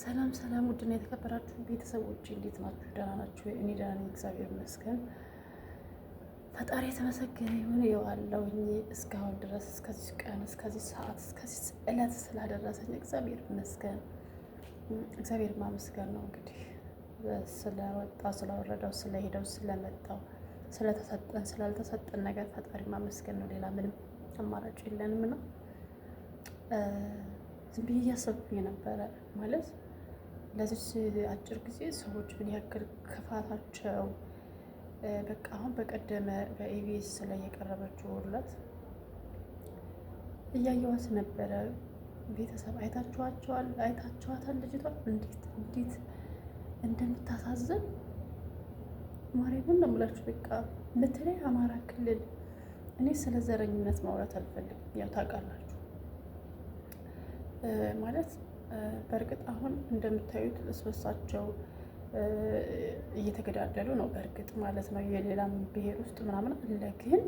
ሰላም ሰላም፣ ውድና የተከበራችሁ ቤተሰቦች እንዴት ናችሁ? ደህና ናችሁ? እኔ ደህና ነኝ፣ እግዚአብሔር ይመስገን። ፈጣሪ የተመሰገነ ይሁን። የዋለውኝ እስካሁን ድረስ እስከዚህ ቀን እስከዚህ ሰዓት እስከዚህ ዕለት ስላደረሰኝ እግዚአብሔር ይመስገን። እግዚአብሔር ማመስገን ነው እንግዲህ ስለወጣ ስለወረደው፣ ስለሄደው፣ ስለመጣው፣ ስለተሰጠን፣ ስላልተሰጠን ነገር ፈጣሪ ማመስገን ነው። ሌላ ምንም አማራጭ የለንም። ነው ዝም ብዬ እያሰብኩኝ ነበረ ማለት ለዚች አጭር ጊዜ ሰዎች ምን ያክል ክፋታቸው በቃ አሁን በቀደመ በኢቢኤስ ላይ የቀረበችው ሁለት እያየዋት ነበረ። ቤተሰብ አይታችኋቸዋል፣ አይታችኋታል። ልጅቷ እንዴት እንዴት እንደምታሳዝን ማርያምን ነው የምላችሁ። በቃ በተለይ አማራ ክልል እኔ ስለ ዘረኝነት ማውራት አልፈልግም። ያው ታውቃላችሁ ማለት በእርግጥ አሁን እንደምታዩት እስበሳቸው እየተገዳደሉ ነው። በእርግጥ ማለት ነው የሌላም ብሔር ውስጥ ምናምን አለ፣ ግን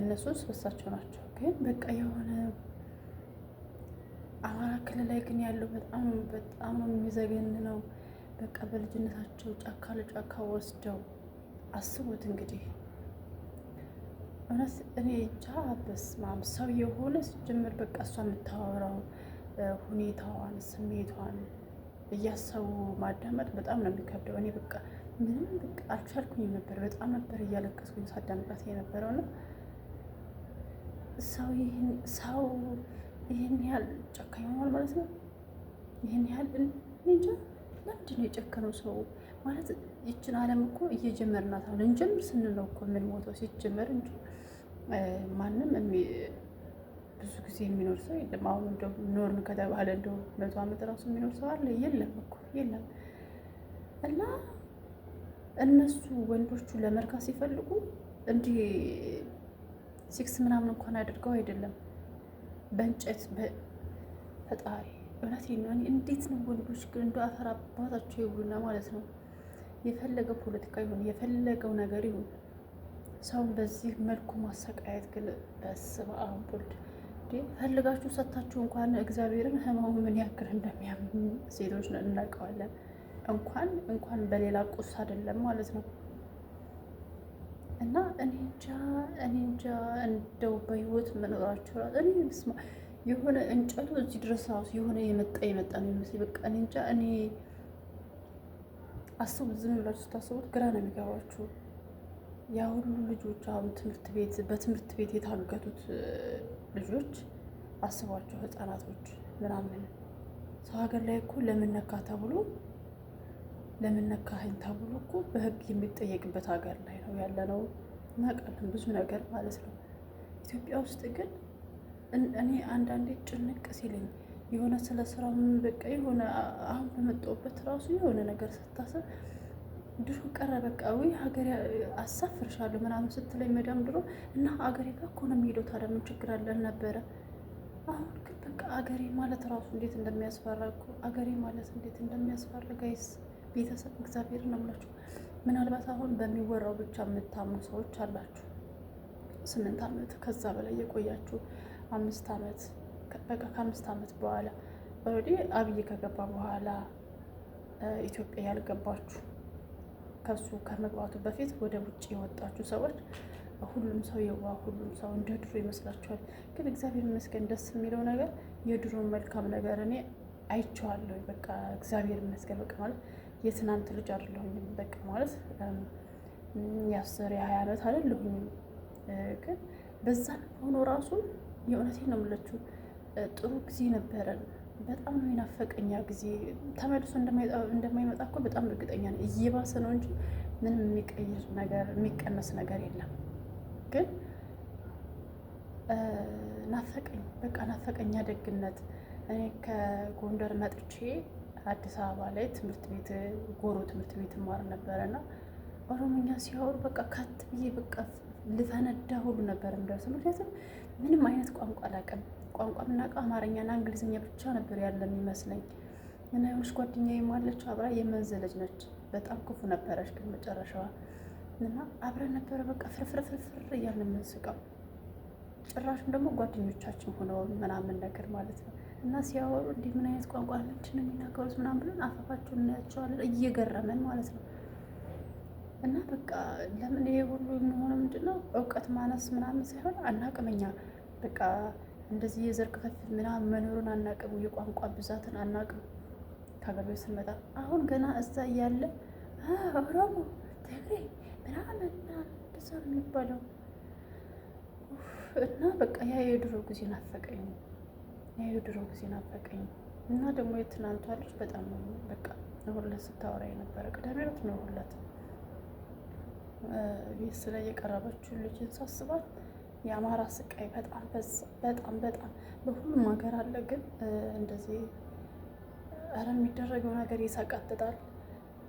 እነሱ እስበሳቸው ናቸው። ግን በቃ የሆነ አማራ ክልል ላይ ግን ያለው በጣም በጣም የሚዘገን ነው። በቃ በልጅነታቸው ጫካ ለጫካ ወስደው አስቡት እንግዲህ እውነት እኔ እንጃ። በስመ አብ ሰው የሆነ ሲጀምር በቃ እሷ የምታወራው ሁኔታዋን ስሜቷን እያሰቡ ማዳመጥ በጣም ነው የሚከብደው። እኔ በቃ ምንም በቃ አልቻልኩኝ ነበር። በጣም ነበር እያለቀስኩኝ ሳዳምጣት የነበረው ነው። ሰው ይህን ያህል ጨካኝ ሆኗል ማለት ነው። ይህን ያህል እንጃ ለምንድን ነው የጨከነው ሰው ማለት ይችን አለም እኮ እየጀመርናት አሁን እንጀምር ስንለው እኮ ምን ሞተው ሲጀመር እንጂ ማንም ብዙ ጊዜ የሚኖር ሰው የለም። አሁን እንደው ኖርን ከተባለ ደ መቶ ዓመት ራሱ የሚኖር ሰው አለ? የለም እኮ የለም። እና እነሱ ወንዶቹ ለመርካ ሲፈልጉ እንዲህ ሲክስ ምናምን እንኳን አድርገው አይደለም በእንጨት በፈጣሪ እውነት ነው። እንዴት ነው ወንዶች ግን እንደ አፈር አባታቸው ይውሉና ማለት ነው። የፈለገው ፖለቲካ ይሁን የፈለገው ነገር ይሁን ሰውን በዚህ መልኩ ማሰቃየት ግን በስመ አብ ወልድ ፈልጋችሁ ሰታችሁ እንኳን እግዚአብሔርን ህመሙ ምን ያክል እንደሚያምን ሴቶች እናውቀዋለን። እንኳን እንኳን በሌላ ቁስ አይደለም ማለት ነው። እና እኔ እንጃ እኔ እንጃ እንደው በህይወት መኖራችሁ እኔ ምስማ የሆነ እንጨቱ እዚህ ድረስ ራሱ የሆነ የመጣ የመጣ ነው የሚመስለኝ። በቃ እኔ እንጃ እኔ አስቡ፣ ዝም ብላችሁ ስታስቡት ግራ ነው የሚገባችሁ። ያ ሁሉ ልጆች አሁን ትምህርት ቤት በትምህርት ቤት የታገቱት ልጆች አስቧቸው፣ ህጻናቶች ምናምን ሰው ሀገር ላይ እኮ ለምነካ ተብሎ ለምነካህኝ ተብሎ እኮ በህግ የሚጠየቅበት ሀገር ላይ ነው ያለ ነው። እናውቃለን ብዙ ነገር ማለት ነው። ኢትዮጵያ ውስጥ ግን እኔ አንዳንዴ ጭንቅ ሲለኝ የሆነ ስለ ስራ ምን በቃ የሆነ አሁን በመጣሁበት ራሱ የሆነ ነገር ስታሰብ ድሮ ቀረ በቃ ወይ ሀገር አሳፍርሻለሁ ምናምን ስትለኝ መዳም ድሮ እና ሀገሬ ጋር እኮ ነው የሚሄደው። ታዲያ ምን ችግር አለን ነበረ። አሁን ግን በቃ አገሬ ማለት ራሱ እንዴት እንደሚያስፈራ እኮ አገሬ ማለት እንዴት እንደሚያስፈራ ጋይስ፣ ቤተሰብ እግዚአብሔር ነው ምላችሁ። ምናልባት አሁን በሚወራው ብቻ የምታምኑ ሰዎች አላችሁ። ስምንት ዓመት ከዛ በላይ የቆያችሁ አምስት ዓመት በቃ ከአምስት ዓመት በኋላ ወዲህ አብይ ከገባ በኋላ ኢትዮጵያ ያልገባችሁ ከሱ ከመግባቱ በፊት ወደ ውጭ የወጣችሁ ሰዎች ሁሉም ሰው የዋ ሁሉም ሰው እንደ ድሮ ይመስላችኋል። ግን እግዚአብሔር ይመስገን ደስ የሚለው ነገር የድሮን መልካም ነገር እኔ አይቼዋለሁ። በቃ እግዚአብሔር ይመስገን በቃ ማለት የትናንት ልጅ አይደለሁኝም። በቃ ማለት የአስር የሀያ ዓመት አይደለሁኝም። ግን በዛ ሆኖ ራሱ የእውነቴ ነው የምላችሁ ጥሩ ጊዜ ነበረን። በጣም ነው የናፈቀኛ ጊዜ ተመልሶ እንደማይመጣ እኮ በጣም እርግጠኛ ነው። እየባሰ ነው እንጂ ምንም የሚቀይር ነገር የሚቀነስ ነገር የለም። ግን ናፈቀኝ፣ በቃ ናፈቀኛ ደግነት። እኔ ከጎንደር መጥቼ አዲስ አበባ ላይ ትምህርት ቤት ጎሮ ትምህርት ቤት ማር ነበረና ኦሮሞኛ ሲያወሩ በቃ ከት ብዬ በቃ ልፈነዳ ሁሉ ነበር ምደርሰ ምክንያቱም ምንም አይነት ቋንቋ አላውቅም። ቋንቋ የምናውቀው አማርኛና እንግሊዝኛ ብቻ ነበር ያለ የሚመስለኝ። እና የሆነች ጓደኛ ማለች አብራ የመንዝ ልጅ ነች። በጣም ክፉ ነበረች ግን መጨረሻዋ እና አብረን ነበረ በቃ ፍርፍርፍርፍር እያልን የምንስቀው ጭራሽም ደግሞ ጓደኞቻችን ሆነው ምናምን ነገር ማለት ነው። እና ሲያወሩ እንዲህ ምን አይነት ቋንቋ ምንድን ነው የሚናገሩት ምናምን ብለን አፋፋቸውን እናያቸዋለን እየገረመን ማለት ነው። እና በቃ ለምን ይሄ ሁሉ የሚሆነው ምንድን ነው እውቀት ማነስ ምናምን ሳይሆን አናቅም እኛ በቃ እንደዚህ የዘር ክፍፍል ምናምን መኖሩን አናቅም፣ የቋንቋ ብዛትን አናቅም። ከሀገር ቤት ስንመጣ አሁን ገና እዛ እያለ ኦሮሞ፣ ትግሬ ምናምን እንደዛ ነው የሚባለው እና በቃ ያ የድሮ ጊዜ ናፈቀኝ፣ ያ የድሮ ጊዜ ናፈቀኝ። እና ደግሞ የትናንቷ ልጅ በጣም በቃ ሁለት ስታወራ የነበረ ቅዳሜ ዕለት ነው ሁለት ቤት ስለ የቀረበችው ልጅን ሳስባት የአማራ ስቃይ በጣም በጣም በጣም በሁሉም ሀገር አለ። ግን እንደዚህ ኧረ የሚደረገው ነገር ይሰቀጥጣል።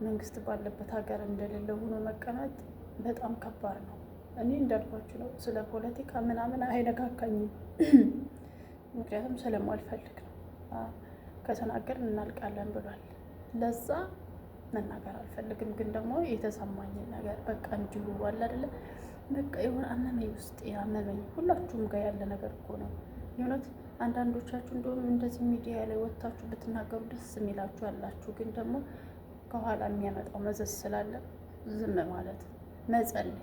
መንግስት ባለበት ሀገር እንደሌለ ሆኖ መቀመጥ በጣም ከባድ ነው። እኔ እንዳልኳችሁ ነው፣ ስለ ፖለቲካ ምናምን አይነካካኝም። ምክንያቱም ስለማልፈልግ ነው። ከተናገር እናልቃለን ብሏል። ለዛ መናገር አልፈልግም። ግን ደግሞ የተሰማኝን ነገር በቃ እንዲሁ አለ አይደለ በቃ የሆነ አመመኝ፣ ውስጥ ያመመኝ ሁላችሁም ጋር ያለ ነገር እኮ ነው። የእውነት አንዳንዶቻችሁ እንደውም እንደዚህ ሚዲያ ላይ ወጥታችሁ ብትናገሩ ደስ የሚላችሁ አላችሁ፣ ግን ደግሞ ከኋላ የሚያመጣው መዘዝ ስላለ ዝም ማለት መጸለይ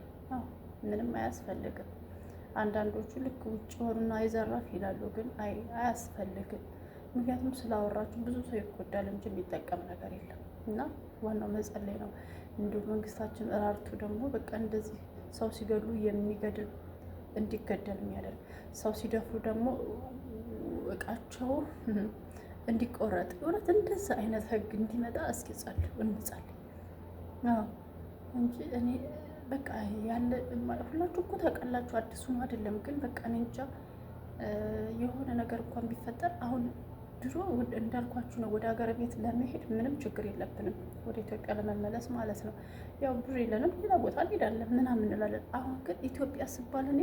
ምንም አያስፈልግም። አንዳንዶቹ ልክ ውጭ ሆኑና የዘራፍ ይላሉ፣ ግን አይ አያስፈልግም። ምክንያቱም ስላወራችሁ ብዙ ሰው ይጎዳል እንጂ የሚጠቀም ነገር የለም እና ዋናው መጸለይ ነው። እንዲሁ መንግስታችን እራርቱ ደግሞ በቃ እንደዚህ ሰው ሲገድሉ የሚገድል እንዲገደል የሚያደርግ ሰው ሲደፍሩ ደግሞ እቃቸው እንዲቆረጥ እውነት እንደዛ አይነት ህግ እንዲመጣ እስኪ ጸልዩ እንጸል እንጂ እኔ በቃ ያለ ሁላችሁ እኮ ታውቃላችሁ። አዲሱም አይደለም ግን በቃ እኔ እንጃ የሆነ ነገር እንኳን ቢፈጠር አሁን ድሮ እንዳልኳችሁ ነው። ወደ ሀገር ቤት ለመሄድ ምንም ችግር የለብንም፣ ወደ ኢትዮጵያ ለመመለስ ማለት ነው። ያው ብር የለንም፣ ሌላ ቦታ እንሄዳለን ምናምን እንላለን። አሁን ግን ኢትዮጵያ ስባል እኔ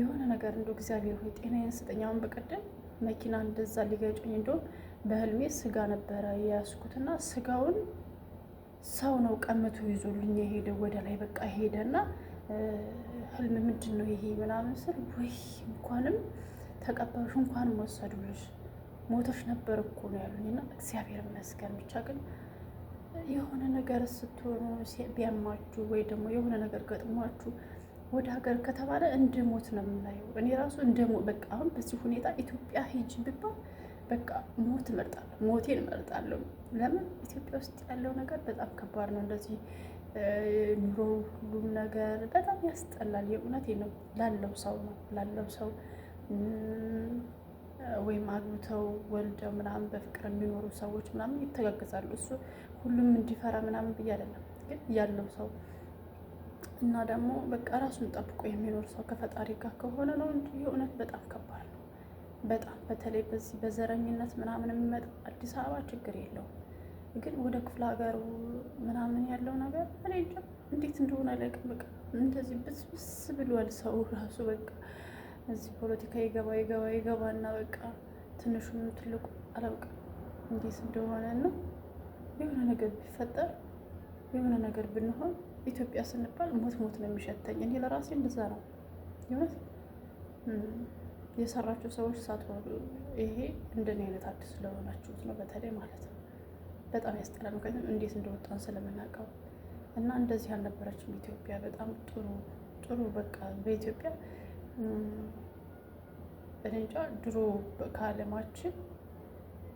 የሆነ ነገር እንደው እግዚአብሔር ሆይ ጤናዬን ስጠኝ። አሁን በቀደም መኪና እንደዛ ሊገጨኝ እንደውም በህልሜ ስጋ ነበረ የያዝኩትና ስጋውን ሰው ነው ቀምቶ ይዞልኝ የሄደ ወደ ላይ በቃ ሄደና ህልም ምንድን ነው ይሄ ምናምን ስል ወይ እንኳንም ተቀባዮች እንኳንም ወሰዱልሽ ሞቶች ነበር እኮ ነው ያሉኝ። እና እግዚአብሔር ይመስገን ብቻ ግን የሆነ ነገር ስትሆኑ ቢያማችሁ ወይ ደግሞ የሆነ ነገር ገጥሟችሁ ወደ ሀገር ከተባለ እንደ ሞት ነው የምናየው። እኔ ራሱ እንደ ሞት በቃ አሁን በዚህ ሁኔታ ኢትዮጵያ ሂጅ ብባል በቃ ሞት እመርጣለሁ፣ ሞቴን እመርጣለሁ። ለምን ኢትዮጵያ ውስጥ ያለው ነገር በጣም ከባድ ነው። እንደዚህ ኑሮ፣ ሁሉም ነገር በጣም ያስጠላል። የእውነት ነው ላለው ሰው ነው ላለው ሰው ወይም አግብተው ወልደው ምናምን በፍቅር የሚኖሩ ሰዎች ምናምን ይተጋገዛሉ። እሱ ሁሉም እንዲፈራ ምናምን ብዬ አይደለም፣ ግን ያለው ሰው እና ደግሞ በቃ ራሱን ጠብቆ የሚኖር ሰው ከፈጣሪ ጋር ከሆነ ነው እንጂ የእውነት በጣም ከባድ ነው። በጣም በተለይ በዚህ በዘረኝነት ምናምን የሚመጣ አዲስ አበባ ችግር የለውም፣ ግን ወደ ክፍለ ሀገሩ ምናምን ያለው ነገር እኔ እንጃ እንዴት እንደሆነ አላውቅም። በቃ እንደዚህ ብስብስ ብሏል ሰው ራሱ በቃ እዚህ ፖለቲካ ይገባ ይገባ እና በቃ ትንሹም ትልቁ አላውቅም እንዴት እንደሆነ እና የሆነ ነገር ቢፈጠር የሆነ ነገር ብንሆን ኢትዮጵያ ስንባል ሞት ሞት ነው የሚሸተኝ። እኔ ለራሴ እንደዛ ነው ይሆን የሰራችሁ ሰዎች ሳትሆኑ ይሄ እንደኔ አይነት አዲስ ስለሆናችሁት ነው በተለይ ማለት ነው በጣም ያስጠላል። ምክንያቱም እንዴት እንደወጣን ስለምናውቀው እና እንደዚህ አልነበረችም ኢትዮጵያ። በጣም ጥሩ ጥሩ በቃ በኢትዮጵያ እኔ እንጃ ድሮ ከዓለማችን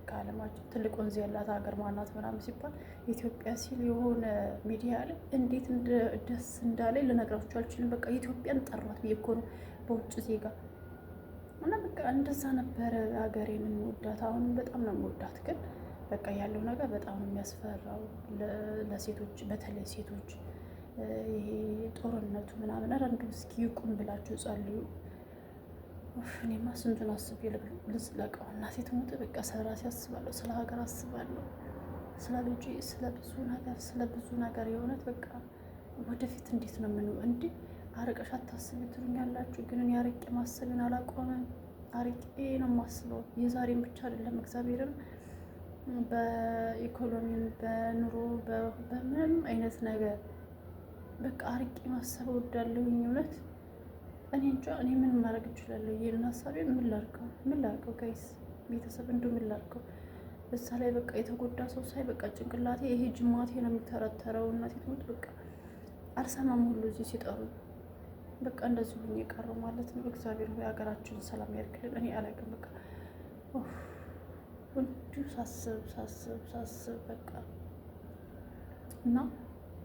ከዓለማችን ትልቅ ወንዝ ያላት ሀገር ማናት ምናምን ሲባል ኢትዮጵያ ሲል የሆነ ሚዲያ ላይ እንዴት ደስ እንዳለ ልነግራችሁ አልችልም። በቃ ኢትዮጵያን ጠሯት ብዬ እኮ ነው በውጭ ዜጋ እና በቃ እንደዛ ነበረ ሀገሬን የምወዳት። አሁንም በጣም ነው የምወዳት፣ ግን በቃ ያለው ነገር በጣም የሚያስፈራው ለሴቶች በተለይ ሴቶች ይሄ ጦርነቱ ምናምን፣ ኧረ እንደው እስኪ ይቁም ብላችሁ ጸልዩ። እኔማ ስንቱን አስቤ ልዝለቀው። እናቴ ትሙት፣ በቃ ስለራሴ አስባለሁ፣ ስለ ሀገር አስባለሁ፣ ስለ ልጅ፣ ስለ ብዙ ነገር፣ ስለ ብዙ ነገር የእውነት በቃ ወደፊት እንዴት ነው ምኑ እንዴ አርቀሽ አታስቢ ትሉኛላችሁ፣ ግን እኔ አርቄ ማሰብን አላቆመም። አርቄ ነው የማስበው። የዛሬም ብቻ አይደለም እግዚአብሔርም በኢኮኖሚም በኑሮ በምንም አይነት ነገር በቃ አርቄ ማሰብ እወዳለሁኝ። እውነት እኔ እንጃ እኔ ምን ማድረግ እችላለሁ? ይህን ሀሳቤ ምን ላድርገው? ምን ላድርገው? ጋይስ ቤተሰብ እንዱ ምን ላድርገው? እዛ ላይ በቃ የተጎዳ ሰው ሳይ በቃ ጭንቅላቴ ይሄ ጅማቴ ነው የሚተረተረው። እናቴ ትሙት በቃ አልሰማም ሁሉ እዚህ ሲጠሩ በቃ እንደዚህ ሁኝ የቀሩ ማለት ነው። እግዚአብሔር ሆይ ሀገራችን ሰላም ያድርግልን። እኔ አላውቅም በቃ እንዲሁ ሳስብ ሳስብ ሳስብ በቃ እና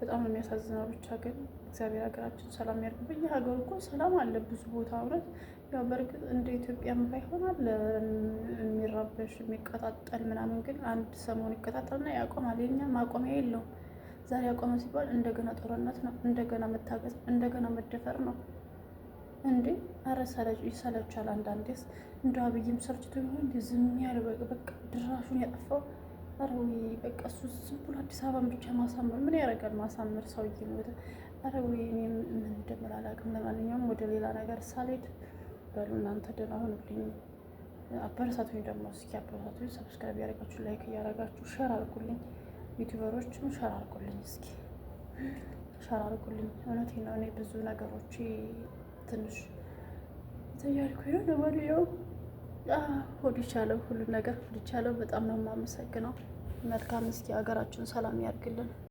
በጣም ነው የሚያሳዝነው። ብቻ ግን እግዚአብሔር ሀገራችን ሰላም ያድርግ። በየሀገሩ እኮ ሰላም አለ ብዙ ቦታ እውነት ያው በእርግጥ እንደ ኢትዮጵያም ባይሆን አለ የሚራበሽ የሚቀጣጠል ምናምን፣ ግን አንድ ሰሞን ይቀጣጠልና ያቆማል። የኛ ማቆሚያ የለውም። ዛሬ ያቆመ ሲባል እንደገና ጦርነት ነው፣ እንደገና መታገዝ፣ እንደገና መደፈር ነው እንዴ! አረ ይሰለቻል። አንዳንዴስ እንደ አብይም ሰርችቶ ይሆን ዝም ያለ በቃ ድራሹን ያጠፋው አረ ወይ በቃ እሱ ዝም ብሎ አዲስ አበባን ብቻ ማሳመር ምን ያደርጋል? ማሳመር ሰውዬ ነው። አረ ወይ እኔም ምን እንደምል አላውቅም። ለማንኛውም ወደ ሌላ ነገር ሳልሄድ በሉ እናንተ ደህና ሁኑልኝ። አበረታቱኝ ደግሞ እስኪ አበረታቱኝ። ሰብስክራይብ ያደረጋችሁ ላይክ እያደረጋችሁ ሸር አድርጉልኝ። ዩቲዩበሮችም ሸር አድርጉልኝ፣ እስኪ ሸር አድርጉልኝ። እውነቴ ነው። እኔ ብዙ ነገሮች ትንሽ ተያልኩ ነው። ለማንኛውም ሆድ ይቻለው፣ ሁሉ ነገር ሆድ ይቻለው። በጣም ነው የማመሰግነው። መልካም። እስኪ ሀገራችን ሰላም ያርግልን